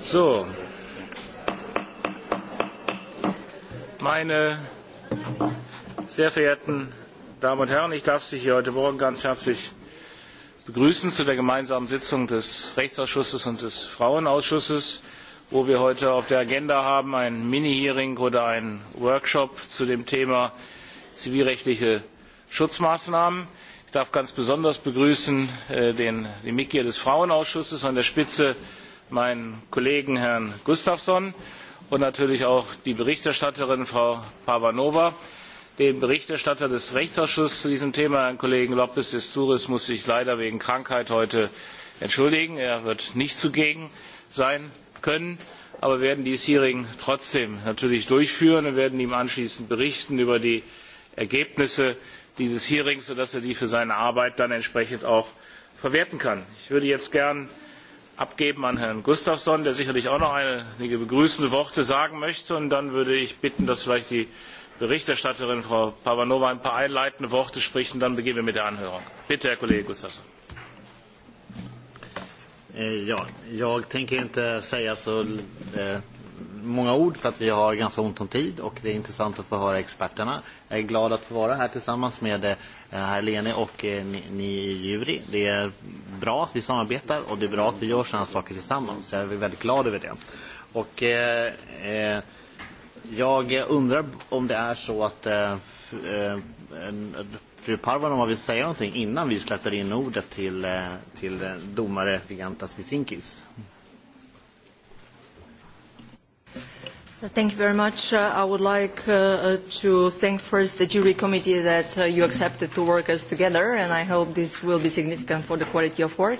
So. Meine sehr verehrten Damen und Herren, ich darf Sie hier heute Morgen ganz herzlich begrüßen zu der gemeinsamen Sitzung des Rechtsausschusses und des Frauenausschusses, wo wir heute auf der Agenda haben ein Mini-Hearing oder ein Workshop zu dem Thema zivilrechtliche Schutzmaßnahmen. Ich darf ganz besonders begrüßen äh, den, den Mitglied des Frauenausschusses an der Spitze meinen kollegen herrn gustafsson und natürlich auch die berichterstatterin frau parvanova. dem berichterstatter des rechtsausschusses zu diesem thema herrn kollegen de isturis muss ich leider wegen krankheit heute entschuldigen. er wird nicht zugegen sein können aber wir werden dieses hearing trotzdem natürlich durchführen und werden ihm anschließend berichten über die ergebnisse dieses hearings sodass er die für seine arbeit dann entsprechend auch verwerten kann. ich würde jetzt gern abgeben an Herrn Gustafsson, der sicherlich auch noch einige begrüßende Worte sagen möchte. Und dann würde ich bitten, dass vielleicht die Berichterstatterin Frau Pavanova ein paar einleitende Worte spricht und dann beginnen wir mit der Anhörung. Bitte, Herr Kollege Gustafsson. Eh, ja, jag tänker inte säga så eh, många ord för att vi har ganska ont om tid och det är intressant att få höra experterna. Jag är glad att få vara här tillsammans med eh, herr Lene och eh, ni, ni i jury. Det är bra att vi samarbetar och det är bra att vi gör sådana saker tillsammans. Jag är väldigt glad över det. Och, eh, eh jag undrar om det är så att eh, fru Parvanova vill säga någonting innan vi släpper in ordet till, till domare Vigantas Visinkis. Thank you very much. Uh, I would like uh, uh, to thank first the jury committee that uh, you accepted to work us together, and I hope this will be significant for the quality of work.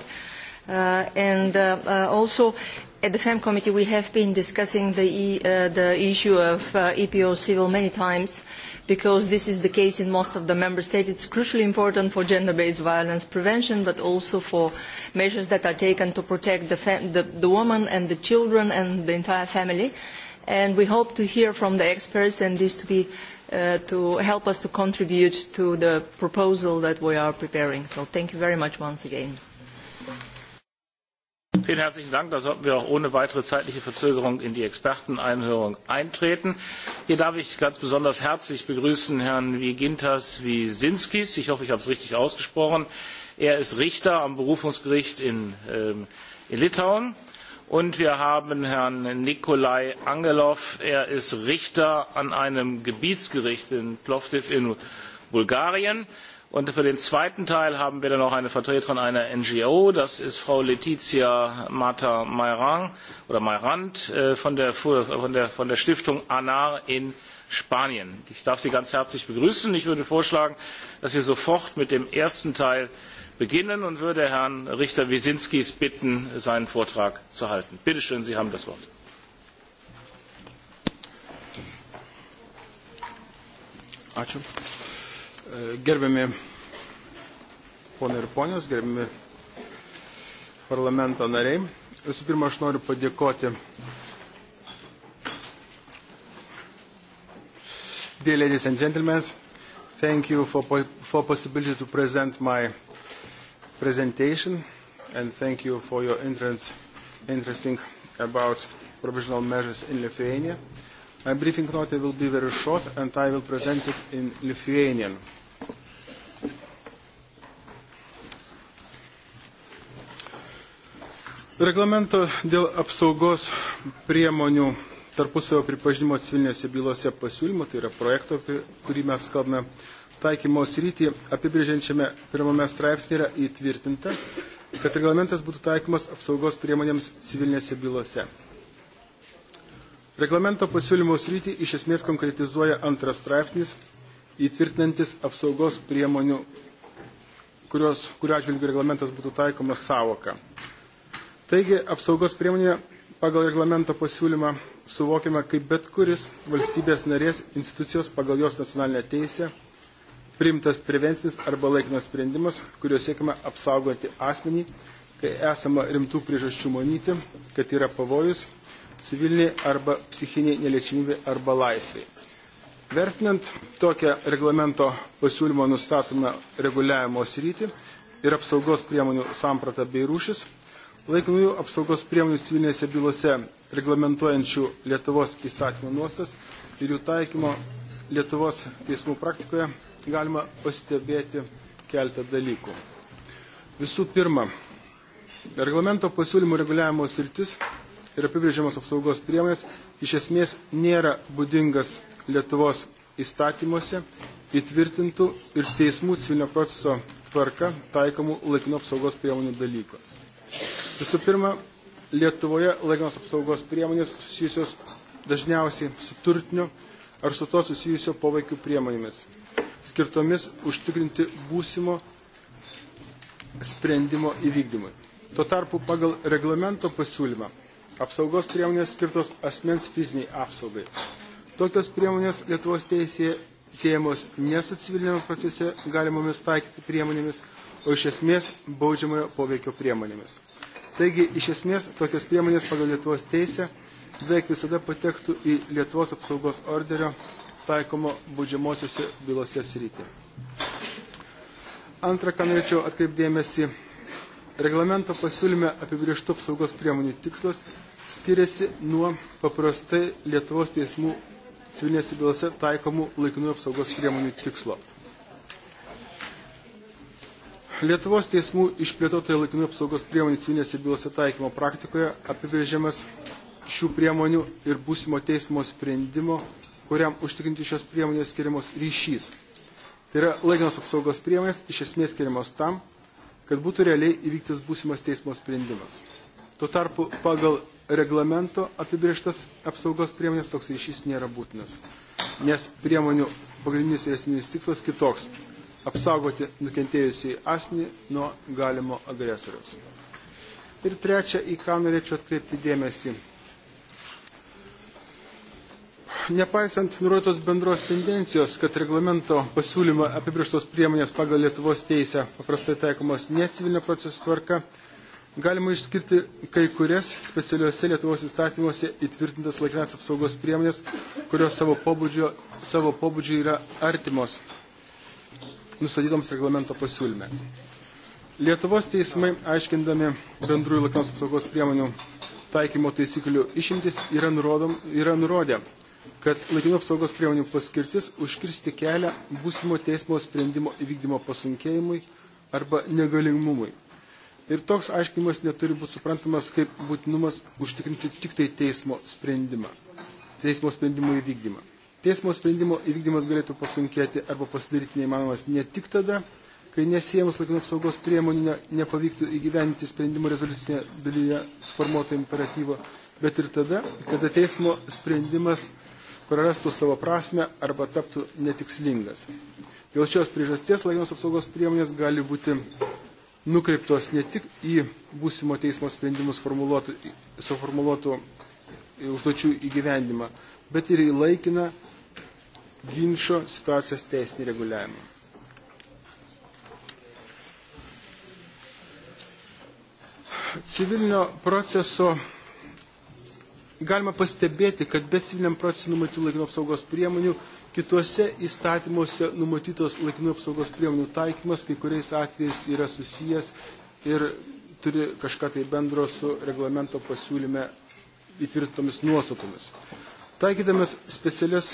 Uh, and uh, uh, also, at the FEM committee, we have been discussing the, e, uh, the issue of uh, EPO civil many times because this is the case in most of the member states. It's crucially important for gender-based violence prevention, but also for measures that are taken to protect the, the, the woman and the children and the entire family. Uh, and we hope to hear from the experts and this to, be, uh, to help us to contribute to the proposal that we are preparing. So thank you very much once again. Vielen herzlichen Dank. Da sollten wir auch ohne weitere zeitliche Verzögerung in die Experteneinhörung eintreten. Hier darf ich ganz besonders herzlich begrüßen Herrn Wigintas Wiesinskis. Ich hoffe, ich habe es richtig ausgesprochen. Er ist Richter am Berufungsgericht in, ähm, in Litauen und wir haben herrn nikolai angelov er ist richter an einem gebietsgericht in plowdiw in bulgarien und für den zweiten teil haben wir dann noch eine vertreterin einer ngo das ist frau letizia mata mayrand äh, von der, von, der, von der stiftung anar in spanien. ich darf sie ganz herzlich begrüßen. ich würde vorschlagen dass wir sofort mit dem ersten teil beginnen und würde Herrn Richter Wisinskis bitten, seinen Vortrag zu halten. Bitte schön, Sie haben das Wort. E, Visų pirma, aš noriu padėkoti Dear ladies and gentlemen, thank you for, possibility to present my presentation and thank you for your interest interesting about provisional measures in Lithuania. My briefing note will be very short and I will present it in Lithuanian. Reglamento dėl apsaugos priemonių tarpusavio pripažinimo civilinėse bylose pasiūlymo, tai yra projekto, kurį mes kalbame, taikymo sritį apibrėžiančiame pirmame straipsnėje yra įtvirtinta, kad reglamentas būtų taikomas apsaugos priemonėms civilinėse bylose. Reglamento pasiūlymo sritį iš esmės konkretizuoja antras straipsnis, įtvirtinantis apsaugos priemonių, kurios, kurio atžvilgių reglamentas būtų taikomas savoka. Taigi, apsaugos priemonė pagal reglamento pasiūlymą suvokiama kaip bet kuris valstybės narės institucijos pagal jos nacionalinę teisę priimtas prevencinis arba laikinas sprendimas, kuriuo siekime apsaugoti asmenį, kai esama rimtų priežasčių manyti, kad yra pavojus civilinė arba psichinė neliečiamybė arba laisvė. Vertinant tokią reglamento pasiūlymo nustatomą reguliavimo sritį ir apsaugos priemonių sampratą bei rūšis, laikinųjų apsaugos priemonių civilinėse bylose reglamentuojančių Lietuvos įstatymų nuostas ir jų taikymo Lietuvos teismų praktikoje galima pastebėti keltą dalykų. Visų pirma, reglamento pasiūlymų reguliavimo sritis ir apibrėžiamos apsaugos priemonės iš esmės nėra būdingas Lietuvos įstatymuose įtvirtintų ir teismų civilinio proceso tvarka taikomų laikino apsaugos priemonių dalykos. Visų pirma, Lietuvoje laikinos apsaugos priemonės susijusios dažniausiai su turtiniu ar su to susijusio poveikiu priemonėmis, skirtomis užtikrinti būsimo sprendimo įvykdymui. Tuo tarpu pagal reglamento pasiūlymą apsaugos priemonės skirtos asmens fiziniai apsaugai. Tokios priemonės Lietuvos teisėje siejamos ne su civilinėme procese galimomis taikyti priemonėmis, o iš esmės baudžiamojo poveikio priemonėmis. Taigi, iš esmės, tokios priemonės pagal Lietuvos teisę beveik visada patektų į Lietuvos apsaugos orderio taikomo baudžiamosiose bylose srityje. Antra, ką norėčiau atkreipdėmėsi, reglamento pasiūlyme apibrieštų apsaugos priemonių tikslas skiriasi nuo paprastai Lietuvos teismų civilinėse bylose taikomų laikinų apsaugos priemonių tikslo. Lietuvos teismų išplėtotoje laikinų apsaugos priemonių civilinėse bylose taikymo praktikoje apibrėžiamas šių priemonių ir būsimo teismo sprendimo kuriam užtikrinti šios priemonės skiriamos ryšys. Tai yra laikinos apsaugos priemonės iš esmės skiriamos tam, kad būtų realiai įvyktas būsimas teismo sprendimas. Tuo tarpu pagal reglamento apibrieštas apsaugos priemonės toks ryšys nėra būtinas, nes priemonių pagrindinis ir esminis tikslas kitoks – apsaugoti nukentėjusiai asmenį nuo galimo agresoriaus. Ir trečia, į ką norėčiau atkreipti dėmesį – Nepaisant nurodytos bendros tendencijos, kad reglamento pasiūlymo apibrieštos priemonės pagal Lietuvos teisę paprastai taikomos ne civilinio proceso tvarka, galima išskirti kai kurias specialiuose Lietuvos įstatymuose įtvirtintas laikinas apsaugos priemonės, kurios savo pobūdžio, savo pobūdžio yra artimos nustatytoms reglamento pasiūlyme. Lietuvos teismai, aiškindami bendrųjų laikinos apsaugos priemonių taikymo taisyklių išimtis yra, nurodom, yra nurodę, kad laikinų apsaugos priemonių paskirtis užkirsti kelią būsimo teismo sprendimo įvykdymo pasunkėjimui arba negalimumui. Ir toks aiškinimas neturi būti suprantamas kaip būtinumas užtikrinti tik tai teismo sprendimą, teismo sprendimo įvykdymą. Teismo sprendimo įvykdymas galėtų pasunkėti arba pasidaryti neįmanomas ne tik tada, kai nesiejamas laikinų apsaugos priemonių ne, nepavyktų įgyveninti sprendimo rezoliucinėje dalyje suformuoto imperatyvo, bet ir tada, kada teismo sprendimas prarastų savo prasme arba taptų netikslingas. Dėl šios priežasties laikinos apsaugos priemonės gali būti nukreiptos ne tik į būsimo teismo sprendimus suformuoluotų užduočių įgyvendimą, bet ir į laikiną ginčio situacijos teisinį reguliavimą. Civilinio proceso galima pastebėti, kad be civiliniam procesui numatytų laikinų apsaugos priemonių, kituose įstatymuose numatytos laikinų apsaugos priemonių taikymas kai kuriais atvejais yra susijęs ir turi kažką tai bendro su reglamento pasiūlyme įtvirtintomis nuostatomis. Taikydamas specialias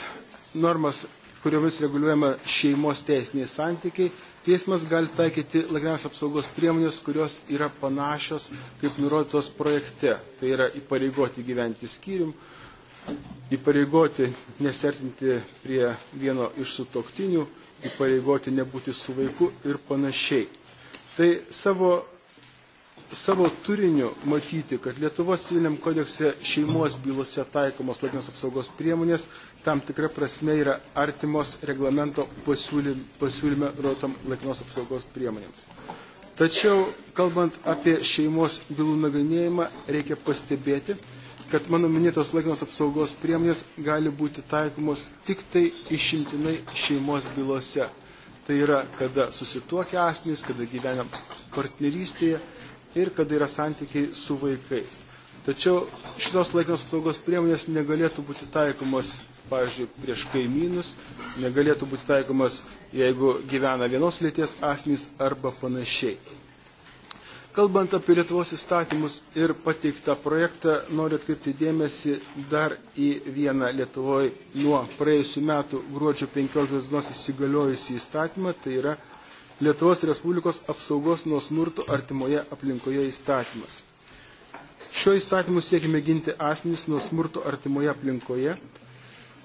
normas, kuriomis reguliuojama šeimos teisiniai santykiai, teismas gali taikyti laikinas apsaugos priemonės, kurios yra panašios, kaip nurodytos projekte. Tai yra įpareigoti gyventi skyrium, įpareigoti nesertinti prie vieno iš sutoktinių, įpareigoti nebūti su vaiku ir panašiai. Tai savo savo turiniu matyti, kad Lietuvos civiliniam kodekse šeimos bylose taikomos laikinos apsaugos priemonės tam tikra prasme yra artimos reglamento pasiūlyme, pasiūlyme rotom laikinos apsaugos priemonėms. Tačiau, kalbant apie šeimos bylų nagrinėjimą, reikia pastebėti, kad mano minėtos laikinos apsaugos priemonės gali būti taikomos tik tai išimtinai šeimos bylose. Tai yra, kada susituokia asmenys, kada gyvena partnerystėje ir kada yra santykiai su vaikais. Tačiau šitos laikinos apsaugos priemonės negalėtų būti taikomos, pavyzdžiui, prieš kaimynus, negalėtų būti taikomos, jeigu gyvena vienos lėties asmenys arba panašiai. Kalbant apie Lietuvos įstatymus ir pateiktą projektą, noriu atkreipti dėmesį dar į vieną Lietuvoje nuo praėjusių metų gruodžio 15 dienos įsigaliojusį įstatymą, tai yra Lietuvos Respublikos apsaugos nuo smurto artimoje aplinkoje įstatymas. Šio įstatymu siekime ginti asmenys nuo smurto artimoje aplinkoje,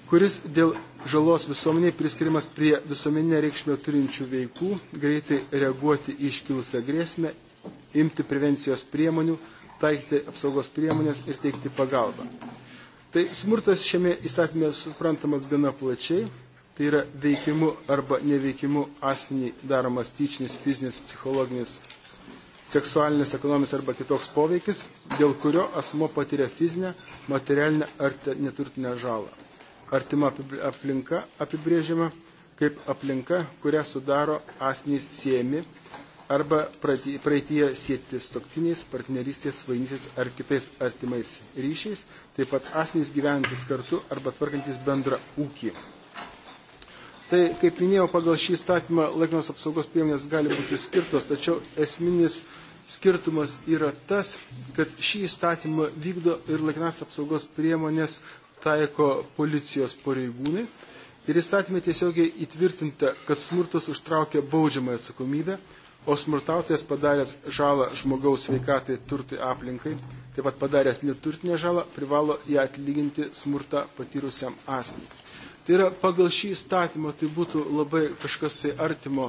kuris dėl žalos visuomeniai priskirimas prie visuomeninę reikšmę turinčių veikų, greitai reaguoti į iškilusią grėsmę, imti prevencijos priemonių, taikyti apsaugos priemonės ir teikti pagalbą. Tai smurtas šiame įstatymė suprantamas gana plačiai, tai yra veikimu arba neveikimu asmenį daromas tyčinis, fizinis, psichologinis, seksualinis, ekonominis arba kitoks poveikis, dėl kurio asmo patiria fizinę, materialinę ar neturtinę žalą. Artima aplinka apibrėžiama kaip aplinka, kurią sudaro asmenys siejami arba praeitie sėti stoktiniais, partnerystės, vainysės ar kitais artimais ryšiais, taip pat asmenys gyvenantis kartu arba tvarkantis bendrą ūkį. Tai, kaip minėjau, pagal šį statymą laikinos apsaugos priemonės gali būti skirtos, tačiau esminis skirtumas yra tas, kad šį įstatymą vykdo ir laikinas apsaugos priemonės taiko policijos pareigūnai. Ir įstatymė tiesiogiai įtvirtinta, kad smurtas užtraukia baudžiamą atsakomybę, o smurtautojas padaręs žalą žmogaus sveikatai, turtui aplinkai, taip pat padaręs neturtinę žalą, privalo ją atlyginti smurtą patyrusiam asmeniui. Tai yra, pagal šį įstatymą tai būtų labai kažkas tai artimo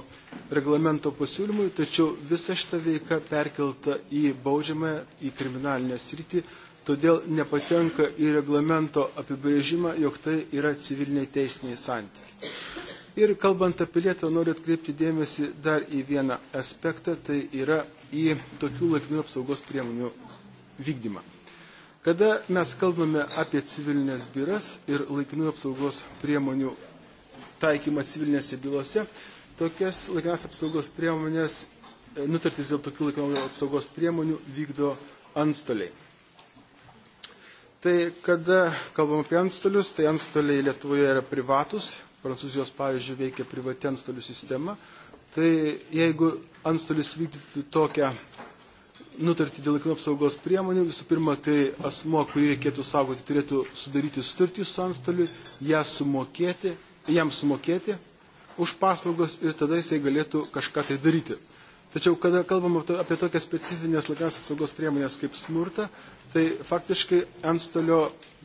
reglamento pasiūlymui, tačiau visa šita veika perkelta į baudžiamąją, į kriminalinę sritį, todėl nepatenka į reglamento apibrėžimą, jog tai yra civiliniai teisiniai santykiai. Ir kalbant apie Lietuvą, noriu atkreipti dėmesį dar į vieną aspektą, tai yra į tokių laikinų apsaugos priemonių vykdymą. Kada mes kalbame apie civilinės biuras ir laikinų apsaugos priemonių taikymą civilinėse bylose, tokias laikinas apsaugos priemonės, e, nutartys dėl tokių laikinų apsaugos priemonių vykdo antstoliai. Tai kada kalbam apie antstolius, tai antstoliai Lietuvoje yra privatus, Prancūzijos pavyzdžiui veikia privati antstolių sistema. Tai jeigu antstolis vykdytų tokią nutartį dėl laikinų apsaugos priemonių. Visų pirma, tai asmo, kurį reikėtų saugoti, turėtų sudaryti sutartį su antstoliu, ją sumokėti, jam sumokėti už paslaugos ir tada jisai galėtų kažką tai daryti. Tačiau, kada kalbam apie tokias specifinės laikinas apsaugos priemonės kaip smurta, tai faktiškai antstolio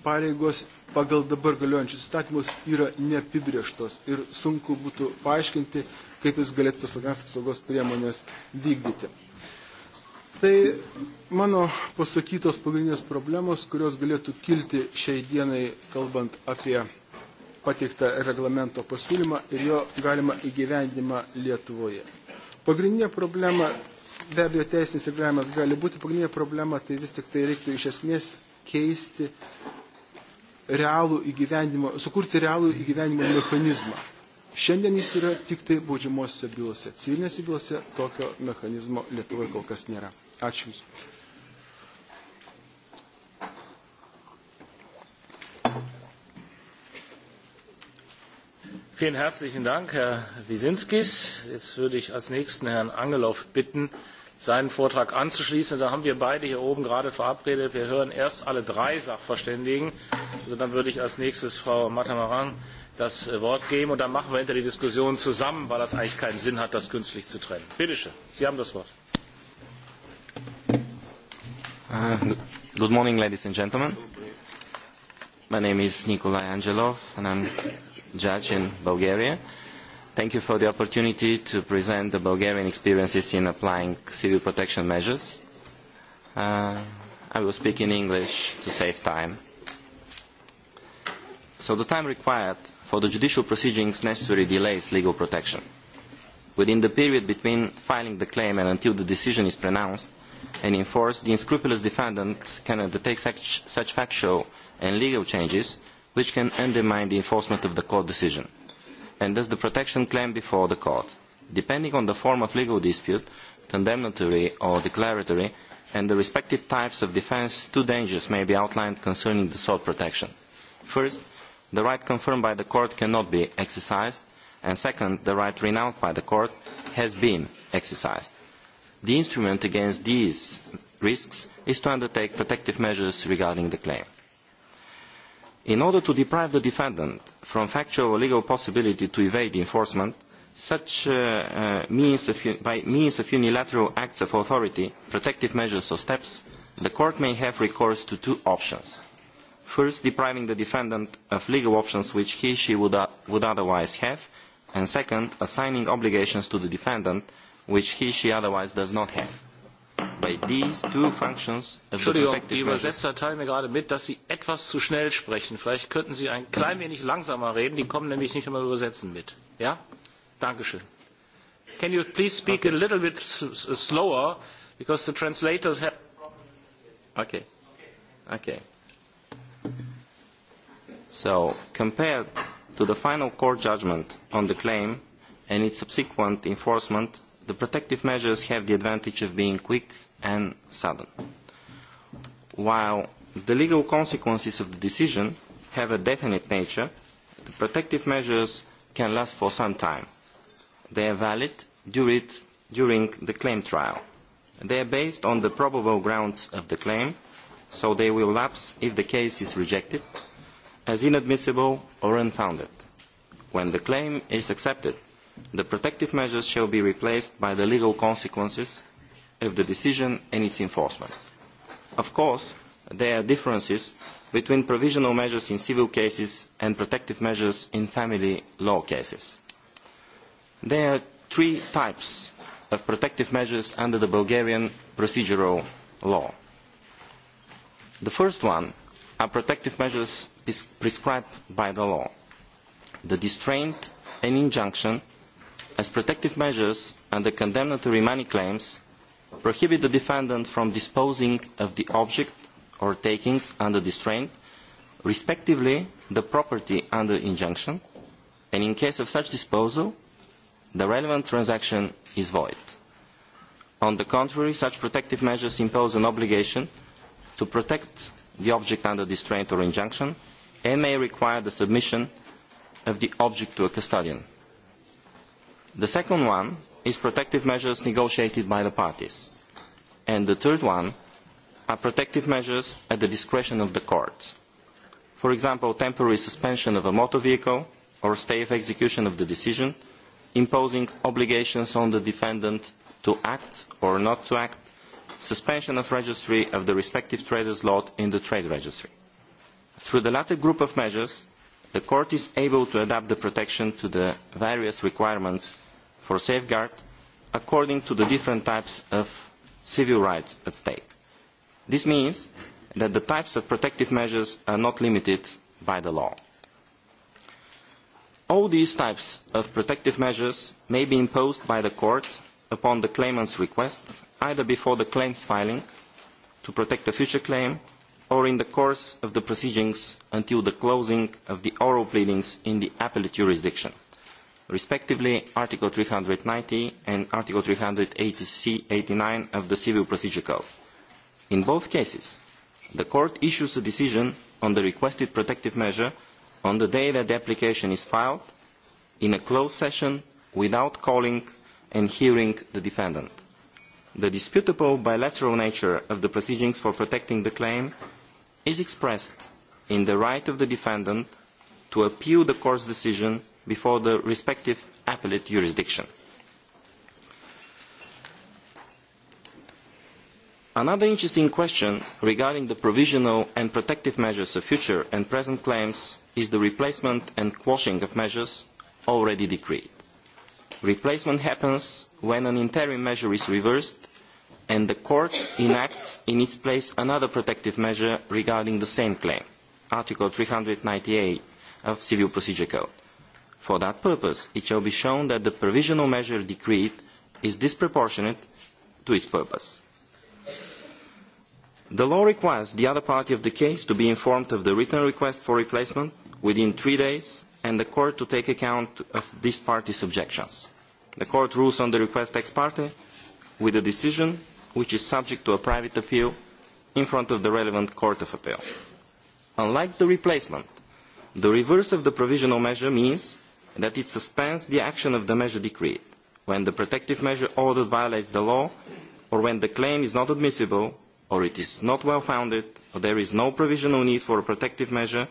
pareigos pagal dabar galiojančius įstatymus yra neapibrieštos ir sunku būtų paaiškinti, kaip jis galėtų tas laikinas apsaugos priemonės vykdyti. Tai mano pasakytos pagrindinės problemos, kurios galėtų kilti šiai dienai, kalbant apie pateiktą reglamento pasiūlymą ir jo galimą įgyvendimą Lietuvoje. Pagrindinė problema, be abejo, teisinis reglamentas gali būti, pagrindinė problema tai vis tik tai reiktų iš esmės keisti realų įgyvendimą, sukurti realų įgyvendimo mechanizmą. Šiandien jis yra tik tai baudžiamosiose bylose. Civilinėse bylose tokio mechanizmo Lietuvoje kol kas nėra. Ačiū Jums. Vielen herzlichen Dank, Herr Wiesinskis. Jetzt würde ich als nächsten Herrn Angelov bitten, seinen Vortrag anzuschließen. Da haben wir beide hier oben gerade verabredet. Wir hören erst alle drei Sachverständigen. Also dann würde ich als nächstes Frau Matamarang das äh, Wort geben und dann machen wir hinter die Diskussion zusammen, weil das eigentlich keinen Sinn hat, das künstlich zu trennen. Bitte schön, Sie haben das Wort. Uh, good morning, ladies and gentlemen. My name is Nikolai Angelov, and I'm judge in Bulgaria. Thank you for the opportunity to present the Bulgarian experiences in applying civil protection measures. Uh, I will speak in English to save time. So the time required for the judicial proceedings necessary delays legal protection. Within the period between filing the claim and until the decision is pronounced, and enforced, the unscrupulous defendant can undertake such, such factual and legal changes which can undermine the enforcement of the court decision, and thus the protection claim before the court. Depending on the form of legal dispute, condemnatory or declaratory, and the respective types of defence, two dangers may be outlined concerning the sought protection. First, the right confirmed by the court cannot be exercised, and second, the right renounced by the court has been exercised. The instrument against these risks is to undertake protective measures regarding the claim. In order to deprive the defendant from factual or legal possibility to evade enforcement, such uh, uh, means of, by means of unilateral acts of authority, protective measures or steps, the court may have recourse to two options. First, depriving the defendant of legal options which he or she would, would otherwise have, and second, assigning obligations to the defendant which he, she otherwise does not have. By these two functions of Entschuldigung, die Übersetzer teilen mir gerade mit, dass Sie etwas zu schnell sprechen. Vielleicht könnten Sie ein klein wenig langsamer reden. Die kommen nämlich nicht immer übersetzen mit. Ja? Dankeschön. Can you please speak okay. a little bit slower, because the translators have... Okay. Okay. So, compared to the final court judgment on the claim and its subsequent enforcement, The protective measures have the advantage of being quick and sudden, while the legal consequences of the decision have a definite nature, the protective measures can last for some time. They are valid during the claim trial. They are based on the probable grounds of the claim, so they will lapse if the case is rejected as inadmissible or unfounded. When the claim is accepted, The protective measures shall be replaced by the legal consequences of the decision and its enforcement. Of course, there are differences between provisional measures in civil cases and protective measures in family law cases. There are three types of protective measures under the Bulgarian procedural law. The first one are protective measures prescribed by the law. The distraint and injunction as protective measures and the condemnatory money claims prohibit the defendant from disposing of the object or takings under distraint, respectively the property under injunction, and in case of such disposal, the relevant transaction is void. On the contrary, such protective measures impose an obligation to protect the object under distraint or injunction and may require the submission of the object to a custodian. The second one is protective measures negotiated by the parties. And the third one are protective measures at the discretion of the court. For example, temporary suspension of a motor vehicle or stay of execution of the decision, imposing obligations on the defendant to act or not to act, suspension of registry of the respective trader's lot in the trade registry. Through the latter group of measures, the court is able to adapt the protection to the various requirements for safeguard according to the different types of civil rights at stake. This means that the types of protective measures are not limited by the law. All these types of protective measures may be imposed by the court upon the claimant's request, either before the claims filing to protect a future claim or in the course of the proceedings until the closing of the oral pleadings in the appellate jurisdiction respectively Article 390 and Article 389 of the Civil Procedure Code. In both cases, the Court issues a decision on the requested protective measure on the day that the application is filed in a closed session without calling and hearing the defendant. The disputable bilateral nature of the proceedings for protecting the claim is expressed in the right of the defendant to appeal the court's decision before the respective appellate jurisdiction. Another interesting question regarding the provisional and protective measures of future and present claims is the replacement and quashing of measures already decreed. Replacement happens when an interim measure is reversed and the court enacts in its place another protective measure regarding the same claim, Article 398 of Civil Procedure Code. For that purpose, it shall be shown that the provisional measure decreed is disproportionate to its purpose. The law requires the other party of the case to be informed of the written request for replacement within three days and the court to take account of this party's objections. The court rules on the request ex parte with a decision which is subject to a private appeal in front of the relevant court of appeal. Unlike the replacement, the reverse of the provisional measure means that it suspends the action of the measure decreed when the protective measure ordered violates the law or when the claim is not admissible or it is not well founded or there is no provisional need for a protective measure,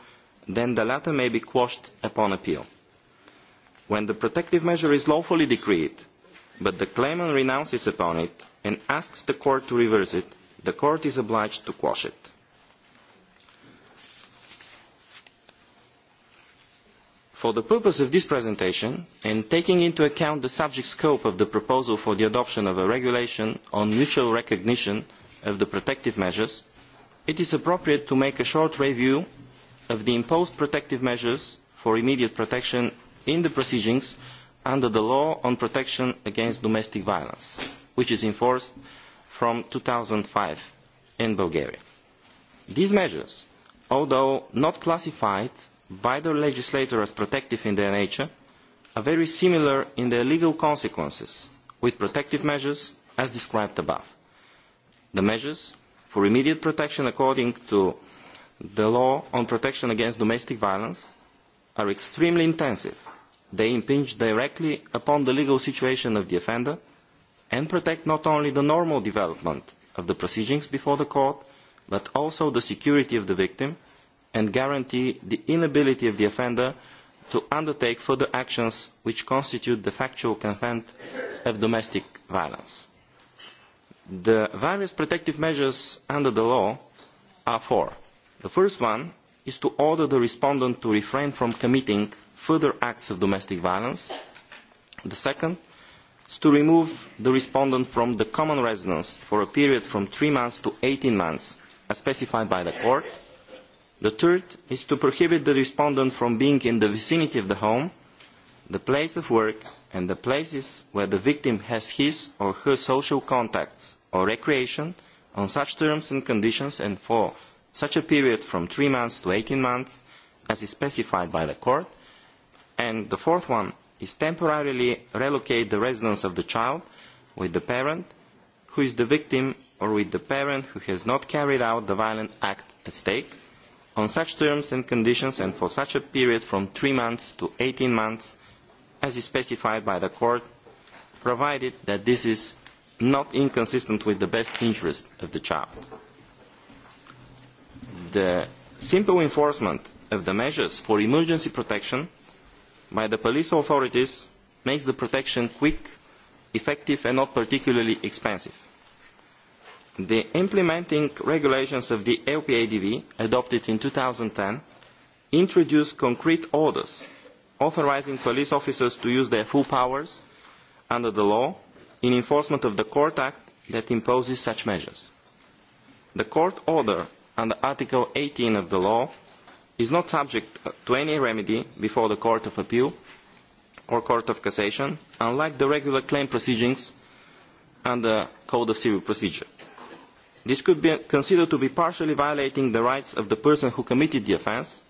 then the latter may be quashed upon appeal. When the protective measure is lawfully decreed, but the claimant renounces upon it and asks the court to reverse it, the court is obliged to quash it. For the purpose of this presentation, and taking into account the subject scope of the proposal for the adoption of a regulation on mutual recognition of the protective measures, it is appropriate to make a short review of the imposed protective measures for immediate protection in the proceedings under the law on protection against domestic violence, which is enforced from 2005 in Bulgaria. These measures, although not classified by the legislator as protective in their nature are very similar in their legal consequences with protective measures as described above. The measures for immediate protection according to the law on protection against domestic violence are extremely intensive. They impinge directly upon the legal situation of the offender and protect not only the normal development of the proceedings before the court, but also the security of the victim and guarantee the inability of the offender to undertake further actions which constitute the factual content of domestic violence. The various protective measures under the law are four. The first one is to order the respondent to refrain from committing further acts of domestic violence. The second is to remove the respondent from the common residence for a period from three months to 18 months, as specified by the court. The third is to prohibit the respondent from being in the vicinity of the home, the place of work, and the places where the victim has his or her social contacts or recreation on such terms and conditions and for such a period from three months to 18 months as is specified by the court. And the fourth one is temporarily relocate the residence of the child with the parent who is the victim or with the parent who has not carried out the violent act at stake on such terms and conditions and for such a period from three months to 18 months as is specified by the court, provided that this is not inconsistent with the best interest of the child. The simple enforcement of the measures for emergency protection by the police authorities makes the protection quick, effective and not particularly expensive. The implementing regulations of the LPADV, adopted in 2010, introduced concrete orders authorising police officers to use their full powers under the law in enforcement of the Court Act that imposes such measures. The court order under Article 18 of the law is not subject to any remedy before the Court of Appeal or Court of Cassation, unlike the regular claim proceedings under Code of Civil Procedure. This could be considered to be partially violating the rights of the person who committed the offence,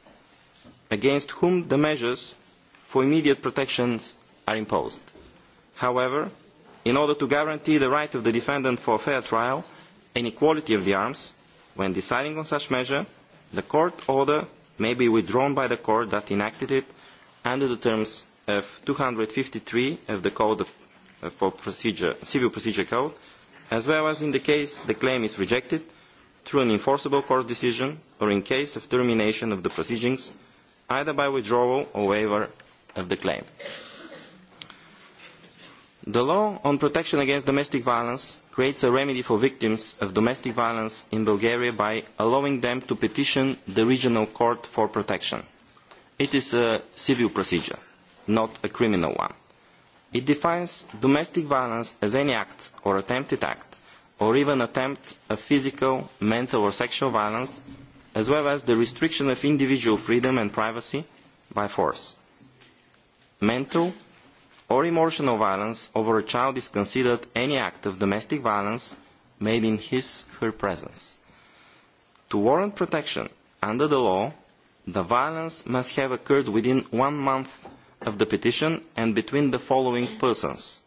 against whom the measures for immediate protection are imposed. However, in order to guarantee the right of the defendant for a fair trial and equality of the arms, when deciding on such measure, the court order may be withdrawn by the court that enacted it under the terms of 253 of the Code of, uh, for procedure, Civil Procedure Code as well as in the case the claim is rejected through an enforceable court decision or in case of termination of the proceedings, either by withdrawal or waiver of the claim. The law on protection against domestic violence creates a remedy for victims of domestic violence in Bulgaria by allowing them to petition the regional court for protection. It is a civil procedure, not a criminal one. It defines domestic violence as any act or attempted act or even attempt of physical, mental or sexual violence as well as the restriction of individual freedom and privacy by force. Mental or emotional violence over a child is considered any act of domestic violence made in his her presence. To warrant protection under the law, the violence must have occurred within one month of the petition and between the following persons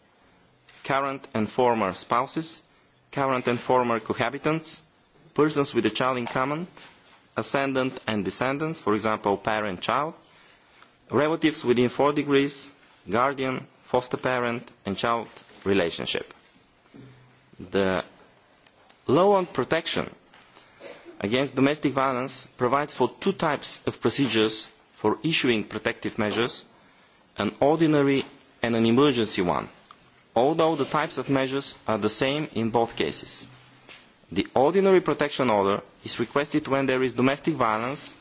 current and former spouses, current and former cohabitants, persons with a child in common, ascendant and descendants, for example, parent-child, relatives within four degrees, guardian, foster parent and child relationship. The law on protection against domestic violence provides for two types of procedures for issuing protective measures an ordinary and an emergency one, although the types of measures are the same in both cases. The ordinary protection order is requested when there is domestic violence,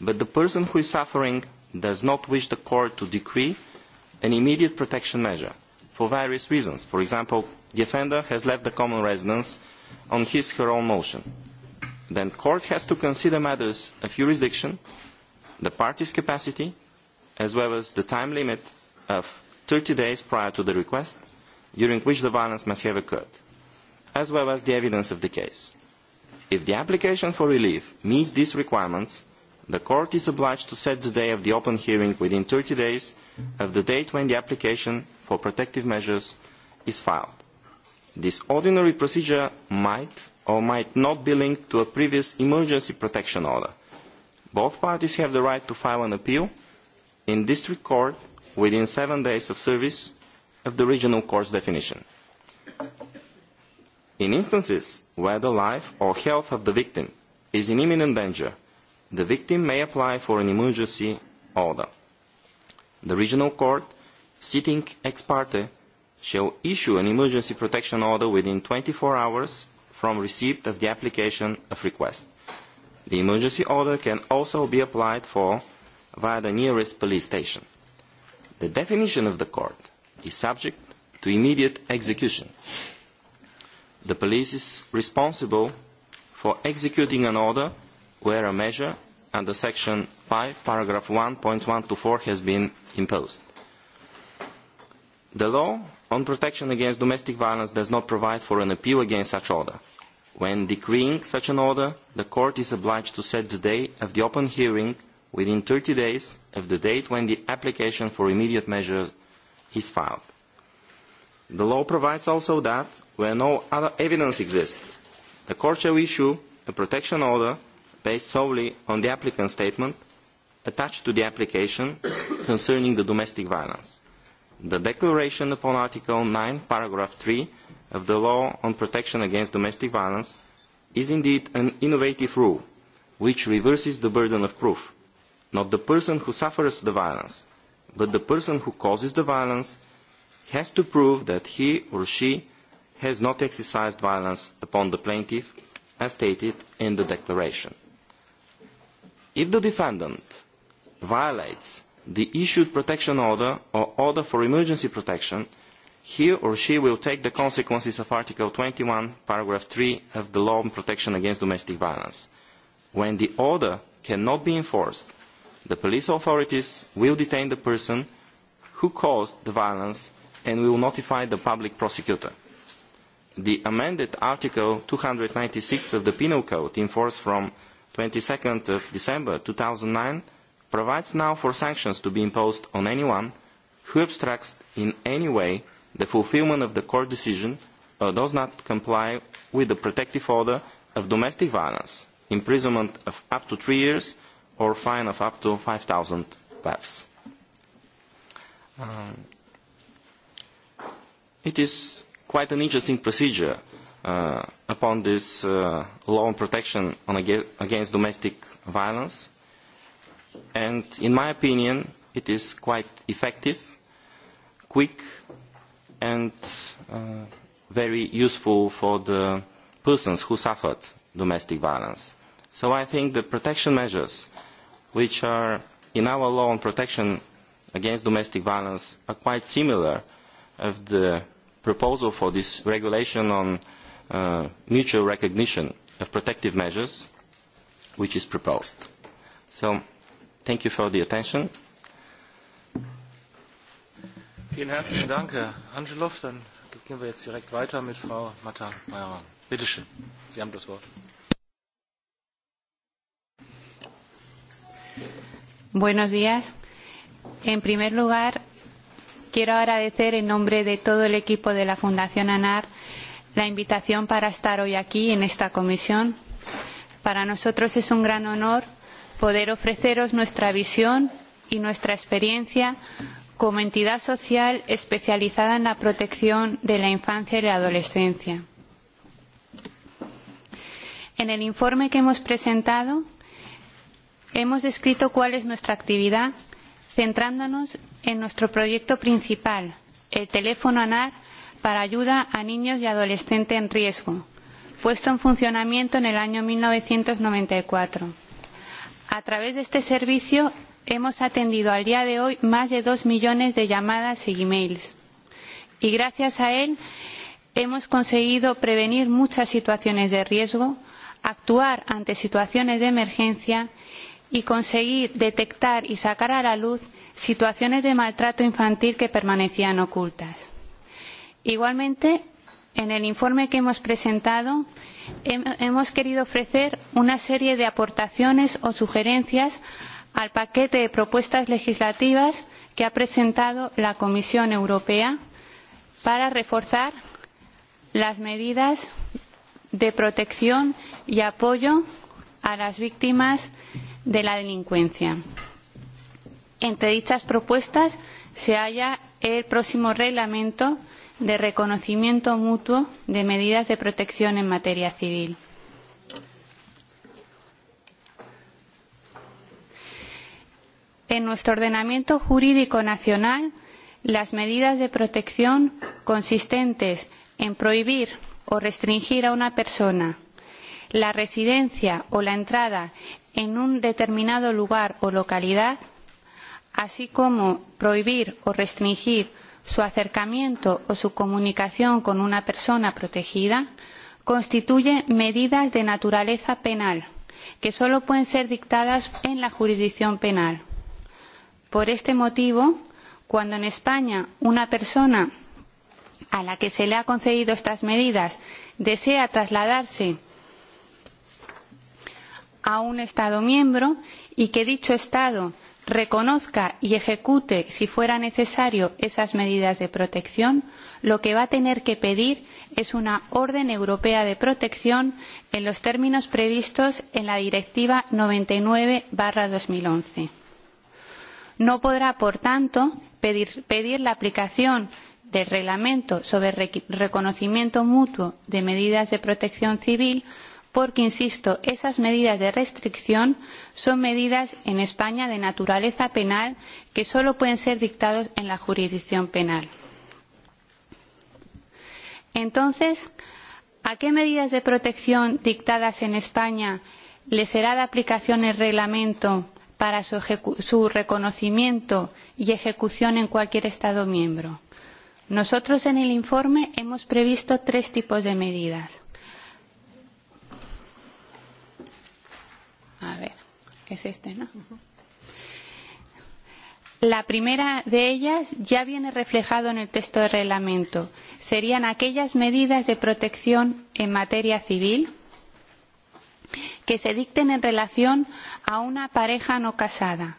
but the person who is suffering does not wish the court to decree an immediate protection measure for various reasons. For example, the offender has left the common residence on his her own motion. Then court has to consider matters of jurisdiction, the party's capacity, as well as the time limit of 30 days prior to the request, during which the violence must have occurred, as well as the evidence of the case. If the application for relief meets these requirements, the court is obliged to set the day of the open hearing within 30 days of the date when the application for protective measures is filed. This ordinary procedure might or might not be linked to a previous emergency protection order. Both parties have the right to file an appeal in district court within seven days of service of the regional court's definition. In instances where the life or health of the victim is in imminent danger, the victim may apply for an emergency order. The regional court, sitting ex parte, shall issue an emergency protection order within 24 hours from receipt of the application of request. The emergency order can also be applied for via the nearest police station. The definition of the court is subject to immediate execution. The police is responsible for executing an order where a measure under section 5 paragraph 1.1 to 4 has been imposed. The law on protection against domestic violence does not provide for an appeal against such order. When decreeing such an order, the court is obliged to set the day of the open hearing within 30 days of the date when the application for immediate measures is filed. The law provides also that, where no other evidence exists, the court shall issue a protection order based solely on the applicant's statement attached to the application concerning the domestic violence. The declaration upon Article 9, paragraph 3 of the Law on Protection Against Domestic Violence is indeed an innovative rule which reverses the burden of proof Not the person who suffers the violence, but the person who causes the violence has to prove that he or she has not exercised violence upon the plaintiff, as stated in the declaration. If the defendant violates the issued protection order or order for emergency protection, he or she will take the consequences of Article 21, paragraph 3 of the Law on Protection Against Domestic Violence. When the order cannot be enforced The police authorities will detain the person who caused the violence and will notify the public prosecutor. The amended Article 296 of the Penal Code, in force from 22nd of December 2009, provides now for sanctions to be imposed on anyone who obstructs in any way the fulfilment of the court decision or does not comply with the protective order of domestic violence, imprisonment of up to three years, or fine of up to 5,000 LEVs. Um, it is quite an interesting procedure uh, upon this uh, law on protection on ag against domestic violence. And in my opinion, it is quite effective, quick, and uh, very useful for the persons who suffered domestic violence. So I think the protection measures uh, which are in our law on protection against domestic violence are quite similar of the proposal for this regulation on uh, mutual recognition of protective measures which is proposed. So thank you for the attention. Vielen herzlichen Dank, Herr Angelov. Dann gehen wir jetzt direkt weiter mit Frau Matta-Meyer. Bitte schön, Sie haben das Wort. Buenos días. En primer lugar, quiero agradecer en nombre de todo el equipo de la Fundación ANAR la invitación para estar hoy aquí en esta comisión. Para nosotros es un gran honor poder ofreceros nuestra visión y nuestra experiencia como entidad social especializada en la protección de la infancia y la adolescencia. En el informe que hemos presentado, hemos descrito cuál es nuestra actividad centrándonos en nuestro proyecto principal, el teléfono ANAR para ayuda a niños y adolescentes en riesgo, puesto en funcionamiento en el año 1994. A través de este servicio hemos atendido al día de hoy más de dos millones de llamadas y emails. Y gracias a él hemos conseguido prevenir muchas situaciones de riesgo, actuar ante situaciones de emergencia y conseguir detectar y sacar a la luz situaciones de maltrato infantil que permanecían ocultas. Igualmente, en el informe que hemos presentado, hemos querido ofrecer una serie de aportaciones o sugerencias al paquete de propuestas legislativas que ha presentado la Comisión Europea para reforzar las medidas de protección y apoyo a las víctimas de la delincuencia. Entre dichas propuestas se halla el próximo reglamento de reconocimiento mutuo de medidas de protección en materia civil. En nuestro ordenamiento jurídico nacional, las medidas de protección consistentes en prohibir o restringir a una persona la residencia o la entrada en un determinado lugar o localidad, así como prohibir o restringir su acercamiento o su comunicación con una persona protegida, constituye medidas de naturaleza penal que solo pueden ser dictadas en la jurisdicción penal. Por este motivo, cuando en España una persona a la que se le ha concedido estas medidas desea trasladarse a un Estado miembro y que dicho Estado reconozca y ejecute, si fuera necesario, esas medidas de protección, lo que va a tener que pedir es una orden europea de protección en los términos previstos en la Directiva 99-2011. No podrá, por tanto, pedir, pedir la aplicación del reglamento sobre reconocimiento mutuo de medidas de protección civil porque, insisto, esas medidas de restricción son medidas en España de naturaleza penal que solo pueden ser dictadas en la jurisdicción penal. Entonces, ¿a qué medidas de protección dictadas en España le será de aplicación el reglamento para su, su reconocimiento y ejecución en cualquier Estado miembro? Nosotros en el informe hemos previsto tres tipos de medidas A ver, es este, ¿no? La primera de ellas ya viene reflejado en el texto de reglamento. Serían aquellas medidas de protección en materia civil que se dicten en relación a una pareja no casada,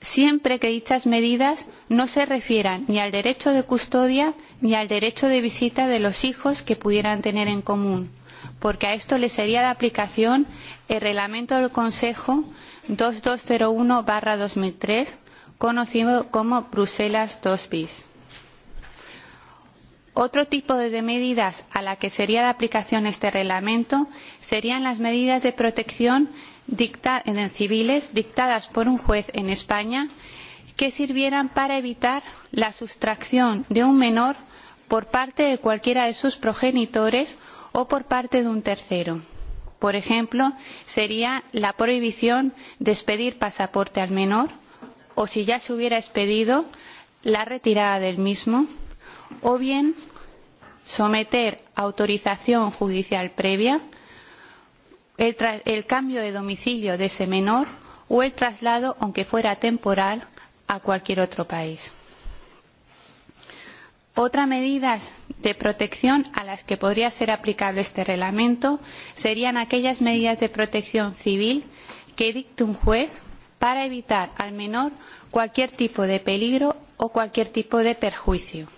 siempre que dichas medidas no se refieran ni al derecho de custodia ni al derecho de visita de los hijos que pudieran tener en común porque a esto le sería de aplicación el reglamento del Consejo 2201-2003, conocido como Bruselas 2 bis. Otro tipo de medidas a la que sería de aplicación este reglamento serían las medidas de protección dicta en civiles dictadas por un juez en España que sirvieran para evitar la sustracción de un menor por parte de cualquiera de sus progenitores o por parte de un tercero. Por ejemplo, sería la prohibición de expedir pasaporte al menor o si ya se hubiera expedido, la retirada del mismo o bien someter a autorización judicial previa el, el cambio de domicilio de ese menor o el traslado, aunque fuera temporal, a cualquier otro país. Otra medida de protección a las que podría ser aplicable este reglamento serían aquellas medidas de protección civil que dicte un juez para evitar al menor cualquier tipo de peligro o cualquier tipo de perjuicio.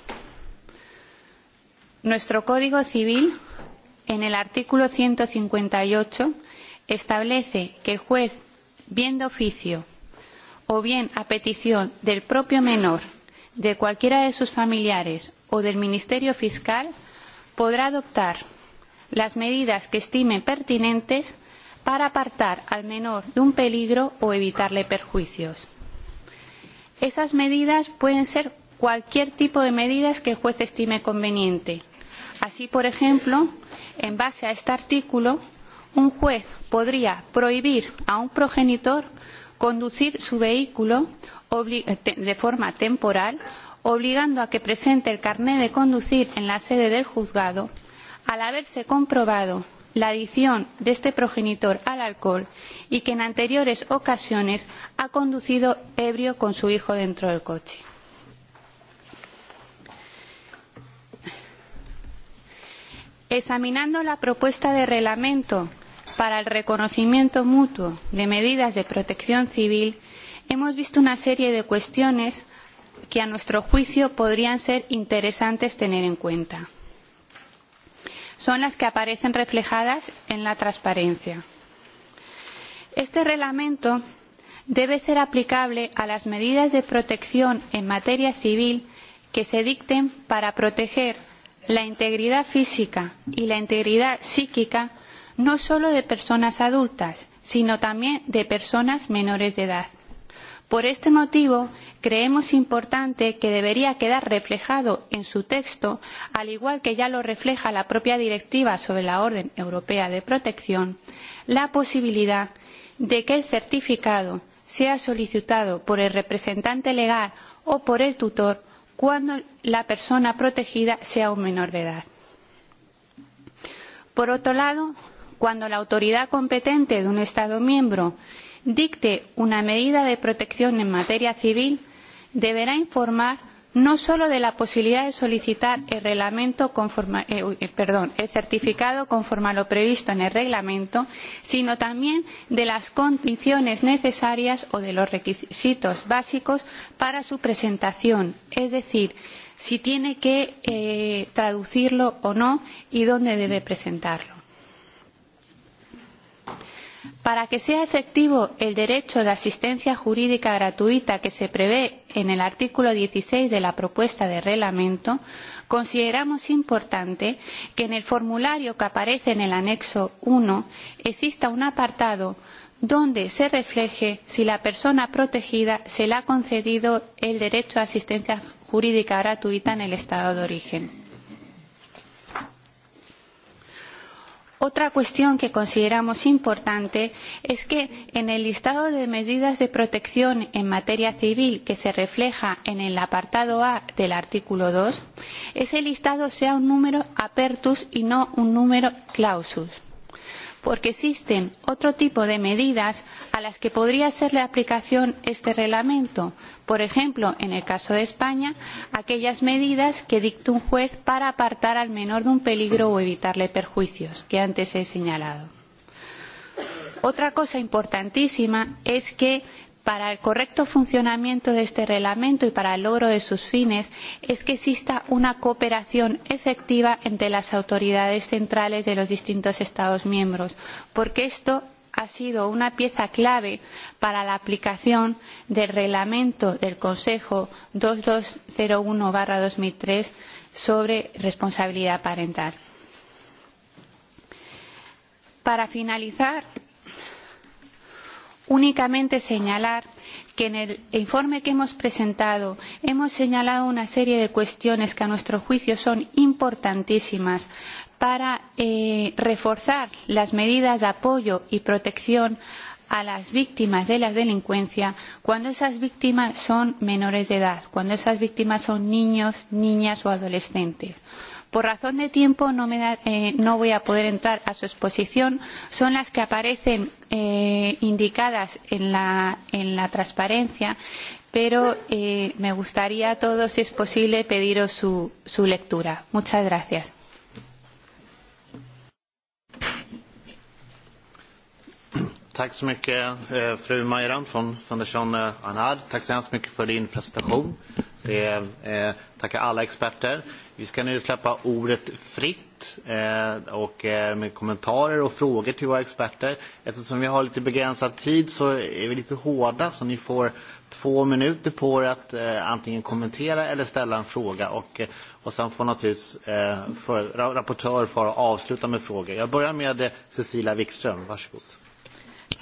Nuestro Código Civil, en el artículo 158, establece que el juez, bien de oficio o bien a petición del propio menor, de cualquiera de sus familiares o del Ministerio Fiscal podrá adoptar las medidas que estime pertinentes para apartar al menor de un peligro o evitarle perjuicios. Esas medidas pueden ser cualquier tipo de medidas que el juez estime conveniente. Así, por ejemplo, en base a este artículo, un juez podría prohibir a un progenitor conducir su vehículo de forma temporal obligando a que presente el carné de conducir en la sede del juzgado, al haberse comprobado la adición de este progenitor al alcohol y que en anteriores ocasiones ha conducido ebrio con su hijo dentro del coche. Examinando la propuesta de reglamento para el reconocimiento mutuo de medidas de protección civil, hemos visto una serie de cuestiones que a nuestro juicio podrían ser interesantes tener en cuenta. Son las que aparecen reflejadas en la transparencia. Este reglamento debe ser aplicable a las medidas de protección en materia civil que se dicten para proteger la integridad física y la integridad psíquica no solo de personas adultas, sino también de personas menores de edad. Por este motivo creemos importante que debería quedar reflejado en su texto, al igual que ya lo refleja la propia Directiva sobre la Orden Europea de Protección, la posibilidad de que el certificado sea solicitado por el representante legal o por el tutor cuando la persona protegida sea un menor de edad. Por otro lado, cuando la autoridad competente de un Estado miembro dicte una medida de protección en materia civil, deberá informar no solo de la posibilidad de solicitar el, reglamento conforme, eh, eh, perdón, el certificado conforme a lo previsto en el reglamento, sino también de las condiciones necesarias o de los requisitos básicos para su presentación, es decir, si tiene que eh, traducirlo o no y dónde debe presentarlo. Para que sea efectivo el derecho de asistencia jurídica gratuita que se prevé en el artículo 16 de la propuesta de reglamento, consideramos importante que en el formulario que aparece en el anexo 1 exista un apartado donde se refleje si la persona protegida se le ha concedido el derecho a asistencia jurídica gratuita en el Estado de origen. Otra cuestión que consideramos importante es que en el listado de medidas de protección en materia civil que se refleja en el apartado A del artículo 2, ese listado sea un número apertus y no un número clausus porque existen otro tipo de medidas a las que podría serle aplicación este reglamento. Por ejemplo, en el caso de España, aquellas medidas que dicta un juez para apartar al menor de un peligro o evitarle perjuicios, que antes he señalado. Otra cosa importantísima es que para el correcto funcionamiento de este reglamento y para el logro de sus fines es que exista una cooperación efectiva entre las autoridades centrales de los distintos Estados miembros, porque esto ha sido una pieza clave para la aplicación del reglamento del Consejo 2201-2003 sobre responsabilidad parental. Para finalizar, únicamente señalar que en el informe que hemos presentado hemos señalado una serie de cuestiones que a nuestro juicio son importantísimas para eh, reforzar las medidas de apoyo y protección a las víctimas de la delincuencia cuando esas víctimas son menores de edad, cuando esas víctimas son niños, niñas o adolescentes. Por razón de tiempo no, me da, eh, no voy a poder entrar a su exposición. Son las que aparecen eh, indicadas en la, en la transparencia, pero eh, me gustaría a todos, si es posible, pediros su, su lectura. Muchas gracias. Tack så mycket eh, fru Majran von Anad. Tack så hemskt mycket för din presentation. Det är, eh, tackar alla experter. Vi ska nu släppa ordet fritt eh, och eh, med kommentarer och frågor till våra experter. Eftersom vi har lite begränsad tid så är vi lite hårda så ni får två minuter på er att eh, antingen kommentera eller ställa en fråga. Och, eh, och sen får naturligtvis eh, för, rapportör få avsluta med frågor. Jag börjar med eh, Cecilia Wikström. Varsågod.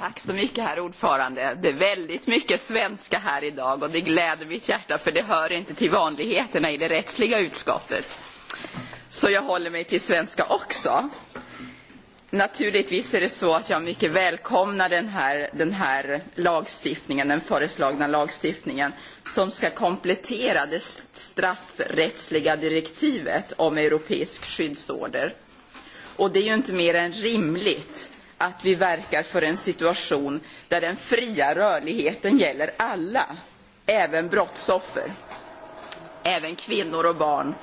Tack så mycket, herr ordförande. Det är väldigt mycket svenska här idag och det gläder mitt hjärta för det hör inte till vanligheterna i det rättsliga utskottet. Så jag håller mig till svenska också. Naturligtvis är det så att jag mycket välkomnar den här, den här lagstiftningen, den föreslagna lagstiftningen som ska komplettera det straffrättsliga direktivet om europeisk skyddsorder. Och det är ju inte mer än rimligt att vi verkar för en situation där den fria rörligheten gäller alla, även brottsoffer, även kvinnor och barn.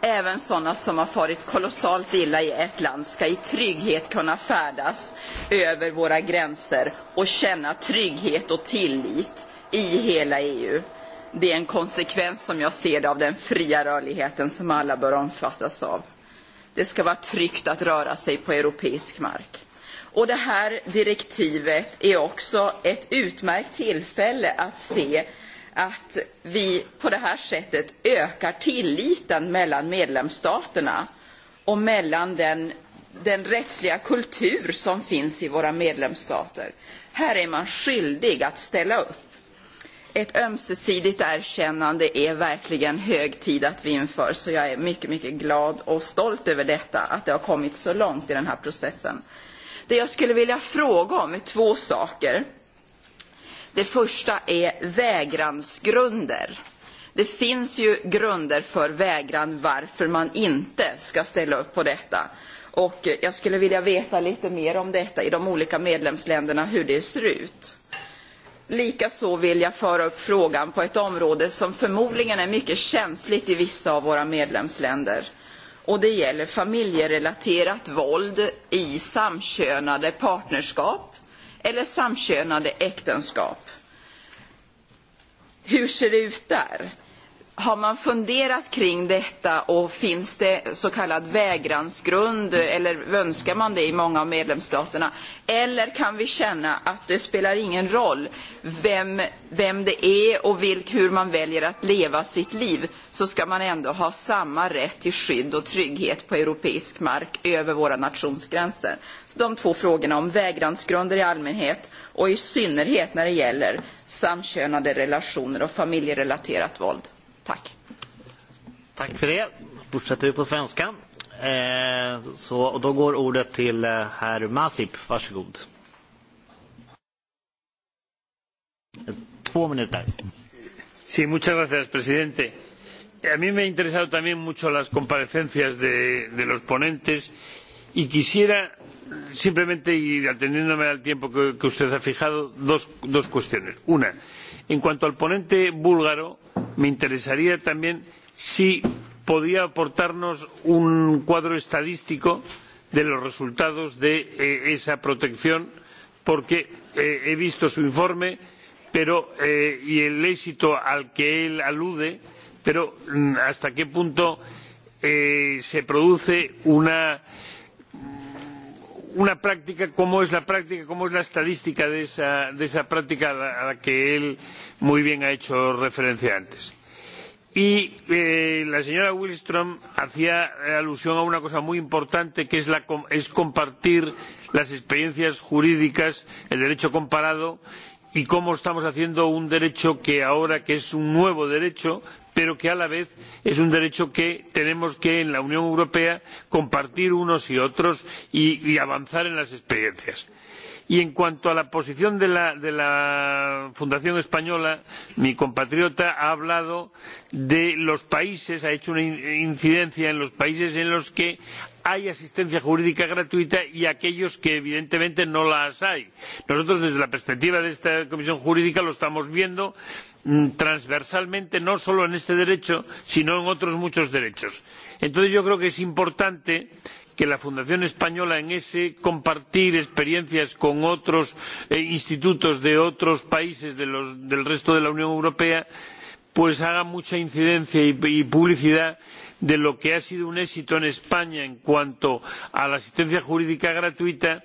Även sådana som har farit kolossalt illa i ett land ska i trygghet kunna färdas över våra gränser och känna trygghet och tillit i hela EU. Det är en konsekvens som jag ser det av den fria rörligheten som alla bör omfattas av. Det ska vara tryggt att röra sig på europeisk mark. Och det här direktivet är också ett utmärkt tillfälle att se att vi på det här sättet ökar tilliten mellan medlemsstaterna och mellan den, den rättsliga kultur som finns i våra medlemsstater. Här är man skyldig att ställa upp. Ett ömsesidigt erkännande är verkligen hög tid att vi inför, så jag är mycket, mycket glad och stolt över detta, att det har kommit så långt i den här processen. Det jag skulle vilja fråga om är två saker. Det första är vägransgrunder. Det finns ju grunder för vägran varför man inte ska ställa upp på detta. Och jag skulle vilja veta lite mer om detta i de olika medlemsländerna, hur det ser ut. Likaså vill jag föra upp frågan på ett område som förmodligen är mycket känsligt i vissa av våra medlemsländer och det gäller familjerelaterat våld i samkönade partnerskap eller samkönade äktenskap. Hur ser det ut där? Har man funderat kring detta och finns det så kallad vägransgrund eller önskar man det i många av medlemsstaterna? Eller kan vi känna att det spelar ingen roll vem, vem det är och vilk, hur man väljer att leva sitt liv så ska man ändå ha samma rätt till skydd och trygghet på europeisk mark över våra nationsgränser? Så de två frågorna om vägransgrunder i allmänhet och i synnerhet när det gäller samkönade relationer och familjerelaterat våld. Tack. Tack för det. Fortsätter vi på svenska. Eh, så, och då går ordet till eh, herr Masip. Varsågod. Två minuter. Sí, muchas gracias, presidente. A mí me han interesado también mucho las comparecencias de, de los ponentes y quisiera simplemente, y atendiéndome al tiempo que, que usted ha fijado, dos, dos cuestiones. Una, eh, en cuanto al ponente búlgaro, me interesaría también si podía aportarnos un cuadro estadístico de los resultados de eh, esa protección, porque eh, he visto su informe pero, eh, y el éxito al que él alude, pero mm, hasta qué punto eh, se produce una una práctica como es la práctica, como es la estadística de esa, práctica a la, que él muy bien ha hecho referencia antes. Y eh, la señora Willström hacía alusión a una cosa muy importante que es compartir las experiencias jurídicas, el derecho comparado y cómo estamos haciendo un derecho que ahora que es un nuevo derecho pero que a la vez es un derecho que tenemos que en la unión europea compartir unos y otros y, avanzar en las experiencias. y en cuanto a la posición de la, de la fundación española mi compatriota ha hablado de los países ha hecho una incidencia en los países en los que hay asistencia jurídica gratuita y aquellos que evidentemente no la hay. nosotros desde la perspectiva de esta comisión jurídica lo estamos viendo mm, transversalmente no solo en este derecho sino en otros muchos derechos. entonces yo creo que es importante que la fundación española en ese compartir experiencias con otros eh, institutos de otros países de los, del resto de la unión europea pues haga mucha incidencia y, y publicidad de lo que ha sido un éxito en españa en cuanto a la asistencia jurídica gratuita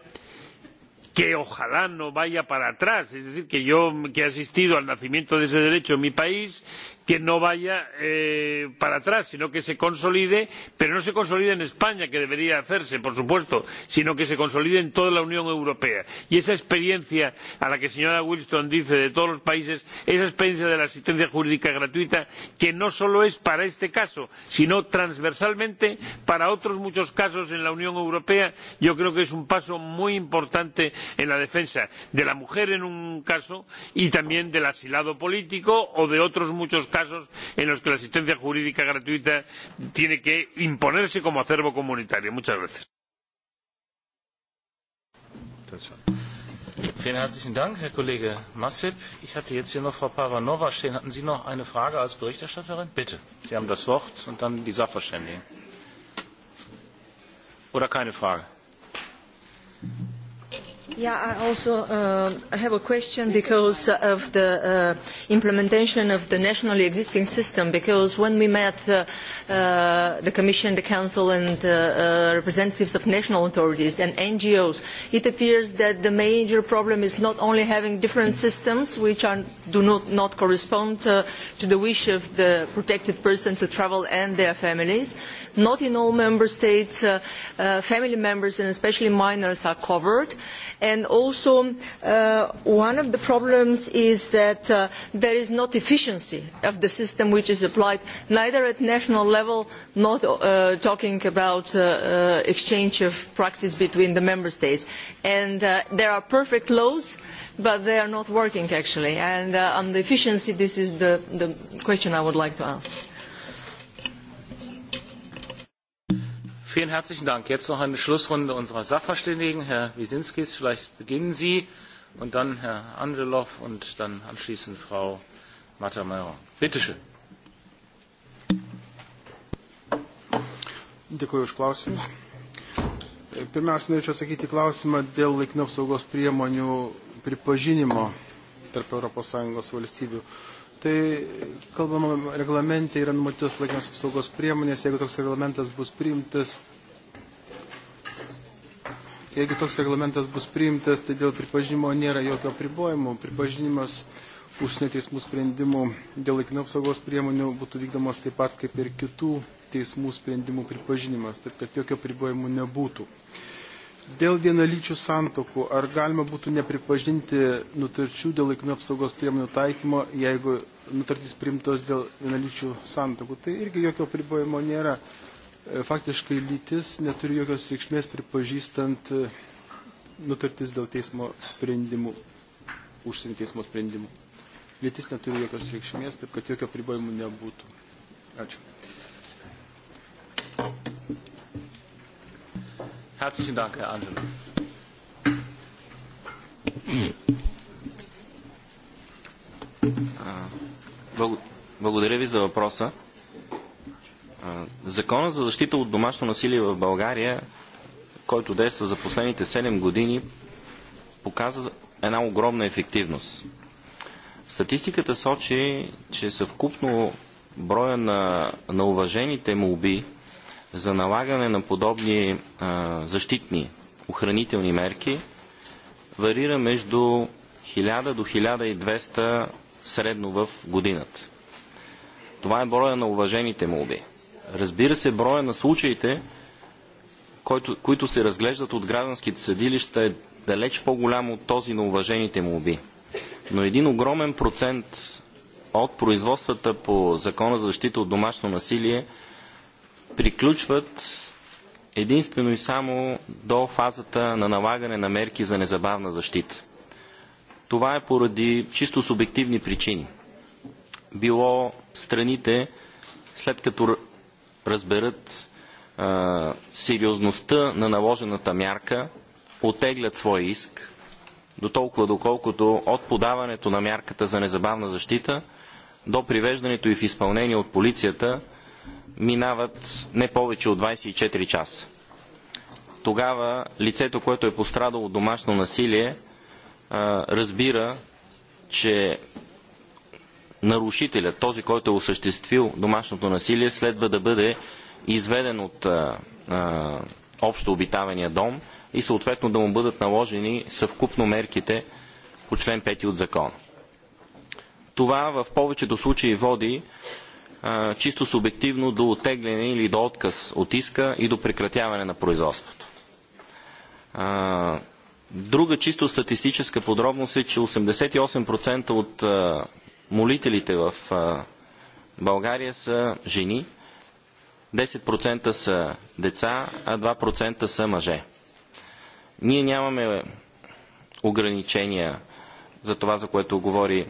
que ojalá no vaya para atrás es decir que yo que he asistido al nacimiento de ese derecho en mi país que no vaya eh, para atrás sino que se consolide pero no se consolide en españa que debería hacerse por supuesto sino que se consolide en toda la unión europea. y esa experiencia a la que la señora willstrm dice de todos los países esa experiencia de la asistencia jurídica gratuita que no solo es para este caso sino transversalmente para otros muchos casos en la unión europea yo creo que es un paso muy importante en la defensa de la mujer en un caso y también del asilado político o de otros muchos casos en los que la asistencia jurídica gratuita tiene que imponerse como acervo comunitario. Muchas gracias. Vielen herzlichen Dank, Herr Kollege Massip. Ich hatte jetzt hier noch Frau Pavanova stehen. Hatten Sie noch eine Frage als Berichterstatterin? Bitte. Sie haben das Wort und dann die Sachverständigen. Oder keine Frage? Yeah, I also uh, have a question because of the uh, implementation of the nationally existing system. Because when we met uh, uh, the Commission, the Council, and uh, uh, representatives of national authorities and NGOs, it appears that the major problem is not only having different systems which are, do not, not correspond to, uh, to the wish of the protected person to travel and their families. Not in all member states, uh, uh, family members and especially minors are covered and also uh, one of the problems is that uh, there is not efficiency of the system which is applied neither at national level nor uh, talking about uh, uh, exchange of practice between the member states and uh, there are perfect laws but they are not working actually and on the efficiency this is the, the question I would like to ask. Vielen herzlichen Dank. Jetzt noch eine Schlussrunde unserer Sachverständigen. Herr Wiesinskis, vielleicht beginnen Sie und dann Herr Angelov und dann anschließend Frau Matamayron. Bitte schön. Dėkuoju už klausimus. Pirmiausia, norėčiau atsakyti klausimą dėl laikinų apsaugos priemonių pripažinimo tarp ES valstybių. Tai kalbama reglamente yra numatytos laikinos apsaugos priemonės, jeigu toks reglamentas bus priimtas. Jeigu toks reglamentas bus priimtas, tai dėl pripažinimo nėra jokio apribojimo. Pripažinimas užsienio teismų sprendimų dėl laikinų apsaugos priemonių būtų vykdomas taip pat kaip ir kitų teismų sprendimų pripažinimas, taip kad jokio apribojimų nebūtų. Dėl vienalyčių santokų, ar galima būtų nepripažinti nutarčių dėl laikinų apsaugos priemonių taikymo, jeigu nutartys primtos dėl vienalyčių santokų. Tai irgi jokio pribojimo nėra. Faktiškai lytis neturi jokios reikšmės pripažįstant nutartis dėl teismo sprendimų, užsienio teismo sprendimų. Lytis neturi jokios reikšmės, taip kad jokio pribojimų nebūtų. Ačiū. Herzlichen Dank, Herr Angelo. Uh. Благодаря ви за въпроса. Закона за защита от домашно насилие в България, който действа за последните 7 години, показа една огромна ефективност. Статистиката сочи, че съвкупно броя на, на уважените молби за налагане на подобни а, защитни охранителни мерки варира между 1000 до 1200 средно в годината. Това е броя на уважените молби. Разбира се, броя на случаите, който, които се разглеждат от гражданските съдилища е далеч по-голям от този на уважените молби. Но един огромен процент от производствата по Закона за защита от домашно насилие приключват единствено и само до фазата на налагане на мерки за незабавна защита. Това е поради чисто субективни причини. Било страните, след като разберат а, сериозността на наложената мярка, отеглят свой иск, до толкова доколкото от подаването на мярката за незабавна защита до привеждането и в изпълнение от полицията минават не повече от 24 часа. Тогава лицето, което е пострадало от домашно насилие, разбира, че нарушителят, този, който е осъществил домашното насилие, следва да бъде изведен от общо обитавания дом и съответно да му бъдат наложени съвкупно мерките по член 5 от закона. Това в повечето случаи води а, чисто субективно до отегляне или до отказ от иска и до прекратяване на производството. А, Друга чисто статистическа подробност е, че 88% от а, молителите в а, България са жени, 10% са деца, а 2% са мъже. Ние нямаме ограничения за това, за което говори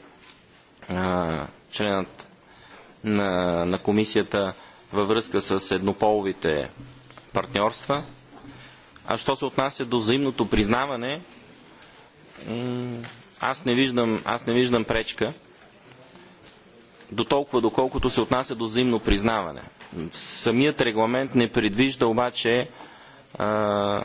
а, членът на, на комисията във връзка с еднополовите партньорства – А що се отнася до взаимното признаване, аз не виждам, аз не виждам пречка до толкова доколкото се отнася до взаимно признаване. Самият регламент не предвижда обаче а,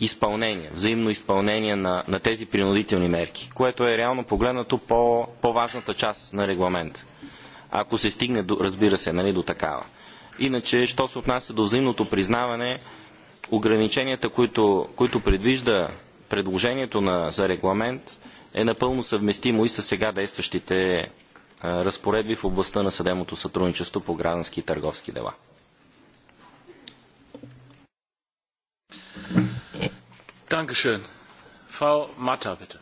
изпълнение, взаимно изпълнение на, на тези принудителни мерки, което е реално погледнато по, по-важната част на регламент. Ако се стигне, до, разбира се, нали, до такава. Иначе, що се отнася до взаимното признаване, ограниченията, които, които предвижда предложението на, за регламент, е напълно съвместимо и с сега действащите разпоредби в областта на съдемото сътрудничество по граждански и търговски дела. Dankeschön. Frau Matter, bitte.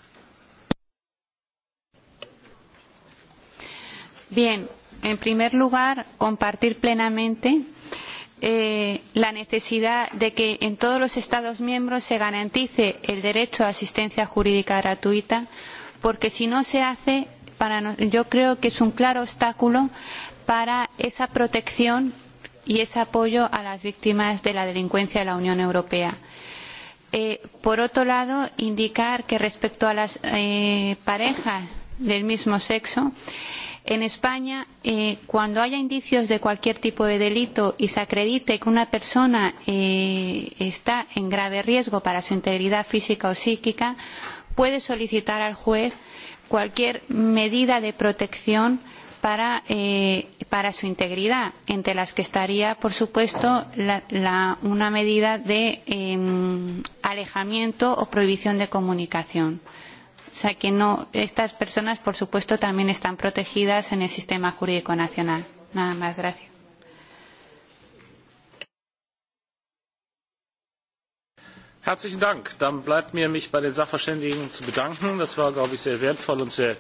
Bien, en primer lugar, compartir plenamente eh, la necesidad de que en todos los Estados miembros se garantice el derecho a asistencia jurídica gratuita, porque si no se hace, para no, yo creo que es un claro obstáculo para esa protección y ese apoyo a las víctimas de la delincuencia de la Unión Europea. Eh, por otro lado, indicar que respecto a las eh, parejas del mismo sexo, en España, eh, cuando haya indicios de cualquier tipo de delito y se acredite que una persona eh, está en grave riesgo para su integridad física o psíquica, puede solicitar al juez cualquier medida de protección para, eh, para su integridad, entre las que estaría, por supuesto, la, la, una medida de eh, alejamiento o prohibición de comunicación. O sea que no, estas personas, por supuesto, también están protegidas en el sistema jurídico nacional. Nada más, gracias. Herzlichen Dank. Dann bleibt mir, mich bei den Sachverständigen zu bedanken. Das war, glaube ich, sehr wertvoll und sehr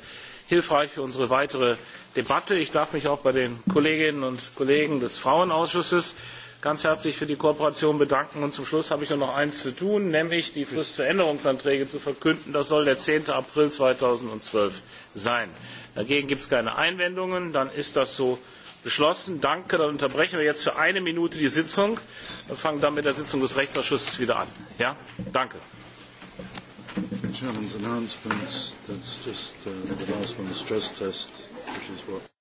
hilfreich für unsere weitere Debatte. Ich darf mich auch bei den Kolleginnen und Kollegen des Frauenausschusses ganz herzlich für die Kooperation bedanken. Und zum Schluss habe ich nur noch eins zu tun, nämlich die Frist für Änderungsanträge zu verkünden. Das soll der 10. April 2012 sein. Dagegen gibt es keine Einwendungen. Dann ist das so beschlossen. Danke. Dann unterbrechen wir jetzt für eine Minute die Sitzung und fangen dann mit der Sitzung des Rechtsausschusses wieder an. Ja? Danke. The chairman's announcements, that's just uh, the last one, the stress test, which is what.